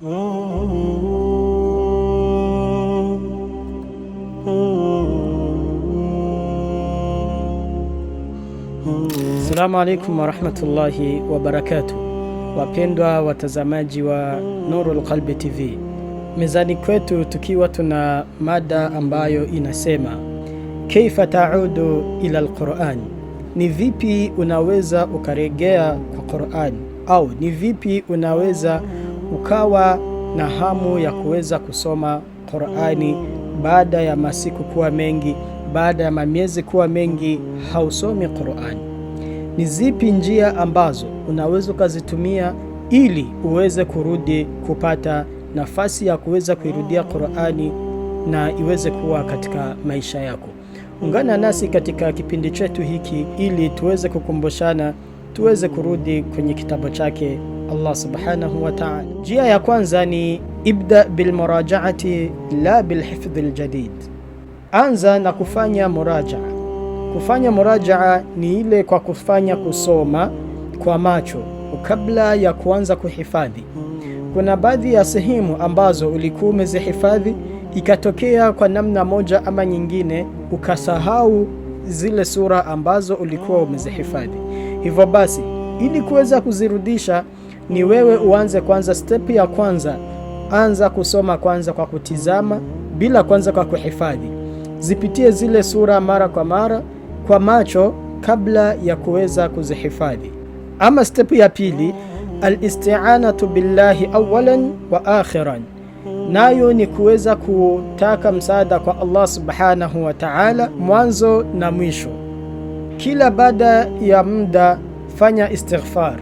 Assalamu alaikum warahmatullahi wabarakatuh, wapendwa watazamaji wa Nurul Qalbi TV, mezani kwetu tukiwa tuna mada ambayo inasema kaifa taudu ila alquran, ni vipi unaweza ukaregea kwa qurani au ni vipi unaweza ukawa na hamu ya kuweza kusoma Qur'ani baada ya masiku kuwa mengi, baada ya mamiezi kuwa mengi hausomi Qur'ani. Ni zipi njia ambazo unaweza ukazitumia ili uweze kurudi kupata nafasi ya kuweza kuirudia Qur'ani na iweze kuwa katika maisha yako? Ungana nasi katika kipindi chetu hiki ili tuweze kukumbushana, tuweze kurudi kwenye kitabu chake Allah subhanahu wa ta'ala. Njia ya kwanza ni ibda bilmurajaati la bilhifdhi ljadid, anza na kufanya murajaa. Kufanya murajaa ni ile kwa kufanya kusoma kwa macho kabla ya kuanza kuhifadhi. Kuna baadhi ya sehemu ambazo ulikuwa umezihifadhi, ikatokea kwa namna moja ama nyingine ukasahau zile sura ambazo ulikuwa umezihifadhi. Hivyo basi, ili kuweza kuzirudisha ni wewe uanze kwanza. step ya kwanza, anza kusoma kwanza kwa kutizama, bila kwanza kwa kuhifadhi. Zipitie zile sura mara kwa mara kwa macho kabla ya kuweza kuzihifadhi. Ama stepu ya pili, alisti'anatu billahi awalan wa akhiran, nayo ni kuweza kutaka msaada kwa Allah subhanahu wa ta'ala, mwanzo na mwisho. Kila baada ya muda fanya istighfar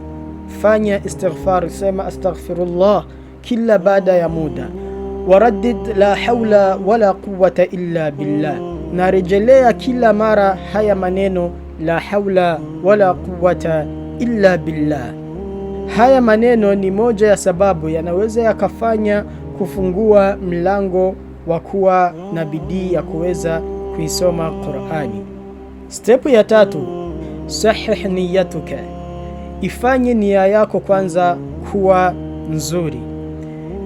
fanya istighfar, sema astaghfirullah kila baada ya muda. Waraddid la haula wala quwwata illa billah, narejelea kila mara haya maneno la haula wala quwwata illa billah. Haya maneno ni moja ya sababu yanaweza yakafanya kufungua mlango wa kuwa na bidii ya kuweza kuisoma Qur'ani. Stepu ya tatu, sahih niyatuka Ifanye nia yako kwanza kuwa nzuri.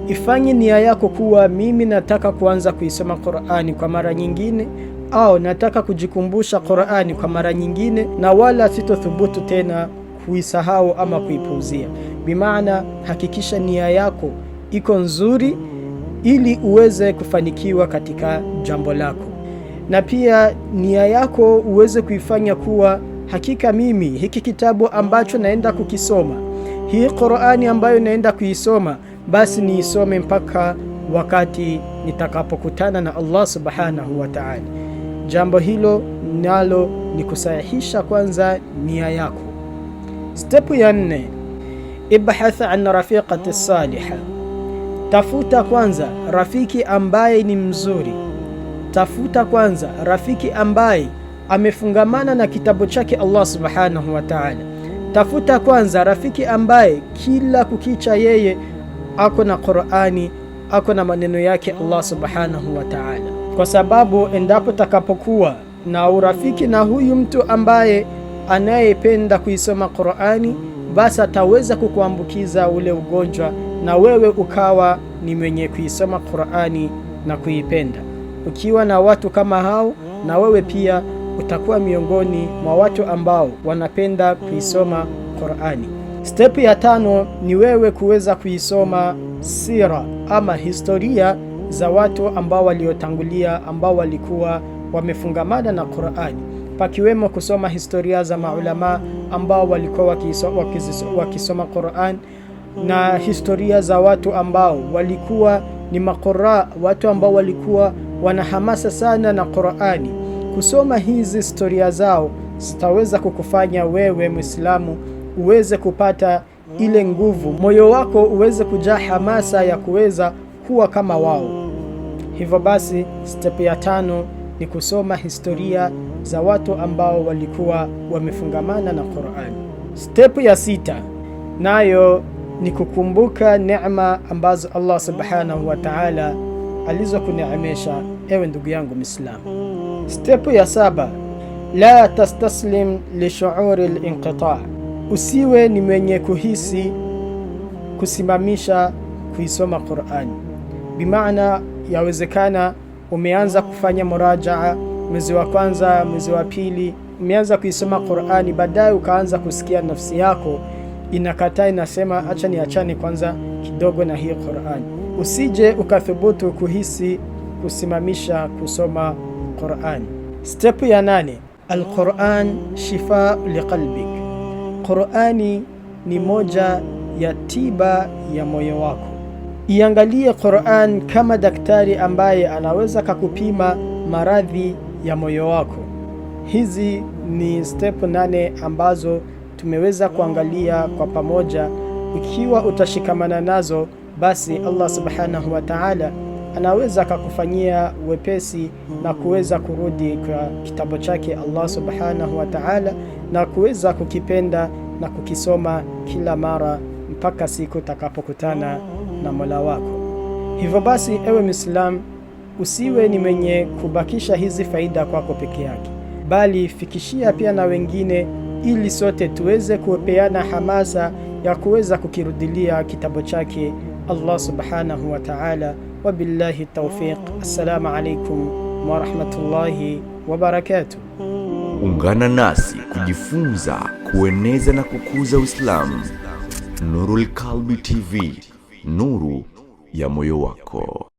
Ifanye nia yako kuwa mimi nataka kuanza kuisoma Qur'ani kwa mara nyingine au nataka kujikumbusha Qur'ani kwa mara nyingine, na wala sitothubutu tena kuisahau ama kuipuuzia. Bimaana, hakikisha nia yako iko nzuri ili uweze kufanikiwa katika jambo lako, na pia nia yako uweze kuifanya kuwa hakika mimi hiki kitabu ambacho naenda kukisoma, hii Qur'ani ambayo naenda kuisoma, basi niisome mpaka wakati nitakapokutana na Allah subhanahu wa ta'ala. Jambo hilo nalo ni kusahihisha kwanza nia yako. Stepu ya nne, ibhath an rafiqati saliha, tafuta kwanza rafiki ambaye ni mzuri, tafuta kwanza rafiki ambaye amefungamana na kitabu chake Allah subhanahu wa ta'ala. Tafuta kwanza rafiki ambaye kila kukicha yeye ako na Qur'ani, ako na maneno yake Allah subhanahu wa ta'ala, kwa sababu endapo takapokuwa na urafiki na huyu mtu ambaye anayependa kuisoma Qur'ani, basi ataweza kukuambukiza ule ugonjwa na wewe ukawa ni mwenye kuisoma Qur'ani na kuipenda. Ukiwa na watu kama hao, na wewe pia utakuwa miongoni mwa watu ambao wanapenda kuisoma Qur'ani. Step ya tano ni wewe kuweza kuisoma sira ama historia za watu ambao waliotangulia ambao walikuwa wamefungamana na Qur'ani, pakiwemo kusoma historia za maulama ambao walikuwa wakisoma, wakisoma Qur'an na historia za watu ambao walikuwa ni makora, watu ambao walikuwa wanahamasa sana na Qur'ani. Kusoma hizi historia zao zitaweza kukufanya wewe Mwislamu uweze kupata ile nguvu, moyo wako uweze kujaa hamasa ya kuweza kuwa kama wao. Hivyo basi, step ya tano ni kusoma historia za watu ambao walikuwa wamefungamana na Qur'an. Step ya sita nayo ni kukumbuka neema ambazo Allah subhanahu wa ta'ala alizokuneemesha, ewe ndugu yangu Muislamu. Stepu ya saba, la tastaslim lishuuri linqita, usiwe ni mwenye kuhisi kusimamisha kuisoma Qurani. Bimaana yawezekana umeanza kufanya murajaa mwezi wa kwanza, mwezi wa pili, umeanza kuisoma Qurani, baadaye ukaanza kusikia nafsi yako inakataa inasema, acha niachane kwanza kidogo na hii Qurani. Usije ukathubutu kuhisi kusimamisha kusoma Quran. Step ya nane, Alquran shifa liqalbik, Qurani ni moja ya tiba ya moyo wako. Iangalie Quran kama daktari ambaye anaweza kakupima maradhi ya moyo wako. Hizi ni step nane ambazo tumeweza kuangalia kwa pamoja. Ikiwa utashikamana nazo, basi Allah subhanahu wa ta'ala anaweza akakufanyia wepesi na kuweza kurudi kwa kitabu chake Allah subhanahu wa ta'ala, na kuweza kukipenda na kukisoma kila mara mpaka siku utakapokutana na Mola wako. Hivyo basi, ewe Muislamu, usiwe ni mwenye kubakisha hizi faida kwako peke yake, bali fikishia pia na wengine, ili sote tuweze kupeana hamasa ya kuweza kukirudilia kitabu chake Allah subhanahu wa ta'ala wabillahi taufiq. Assalamu alaikum warahmatullahi wabarakatuh. Ungana nasi kujifunza, kueneza na kukuza Uislamu. Nurul Kalbi TV, nuru ya moyo wako.